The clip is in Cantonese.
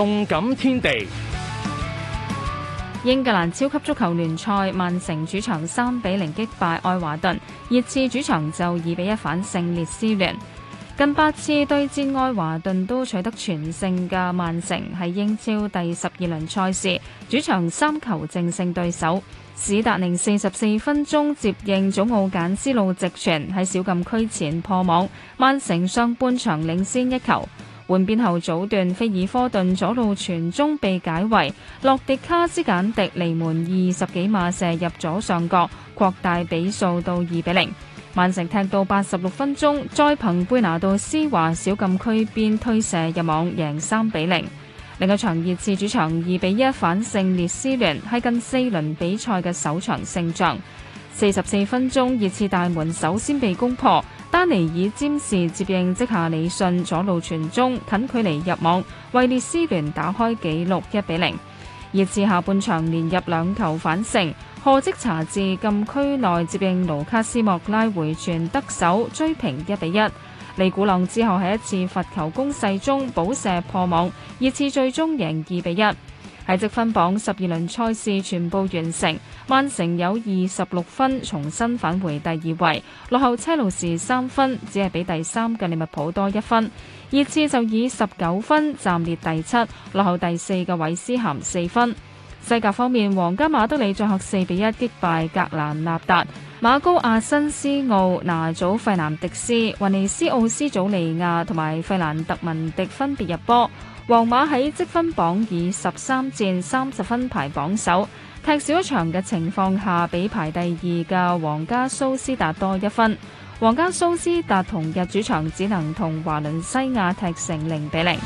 動感天地，英格蘭超級足球聯賽，曼城主場三比零擊敗愛華頓，熱刺主場就二比一反勝列斯聯。近八次對戰愛華頓都取得全勝嘅曼城，喺英超第十二輪賽事主場三球淨勝對手。史達寧四十四分鐘接應祖奧簡斯路直傳喺小禁區前破網，曼城上半場領先一球。換邊後，早段菲爾科頓左路傳中被解圍，洛迪卡斯簡迪離門二十幾碼射入左上角，擴大比數到二比零。曼城踢到八十六分鐘，再憑貝拿度斯華小禁區邊推射入網，贏三比零。另一場熱刺主場二比一反勝列斯聯，喺近四輪比賽嘅首場勝仗。四十四分鐘，熱刺大門首先被攻破，丹尼爾占士接應即下李信左路傳中，近距離入網，為列斯聯打開紀錄一比零。熱刺下半場連入兩球反勝，何積查治禁區內接應盧卡斯莫拉回傳得手追平一比一。利古朗之後喺一次罰球攻勢中補射破網，熱刺最終贏二比一。累積分榜十二輪賽事全部完成，曼城有二十六分，重新返回第二位，落後車路士三分，只係比第三嘅利物浦多一分。熱刺就以十九分暫列第七，落後第四嘅韋斯咸四分。西甲方面，皇家馬德里作客四比一擊敗格蘭納達，馬高亞新斯奧拿祖費南迪斯、雲尼斯奧斯祖尼亞同埋費蘭特文迪分別入波。皇馬喺積分榜以十三戰三十分排榜首，踢少一場嘅情況下，比排第二嘅皇家蘇斯達多一分。皇家蘇斯達同日主場只能同華倫西亞踢成零比零。